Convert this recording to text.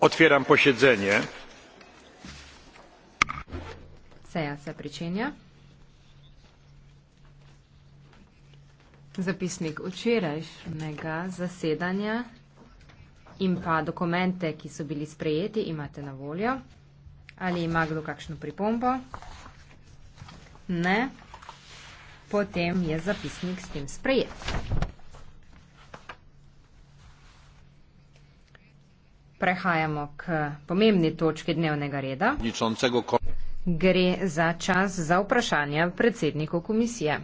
otwieram posiedzenie seja se pričenja zapisnik včerajšnjega zasedanja in pa dokumente ki so bili sprejeti imate na voljo ali ima kdo kakšno pripombo ne potem je zapisnik s tem sprejet Prehajamo k pomembni točki dnevnega reda. Gre za čas za vprašanja predsedniku komisije.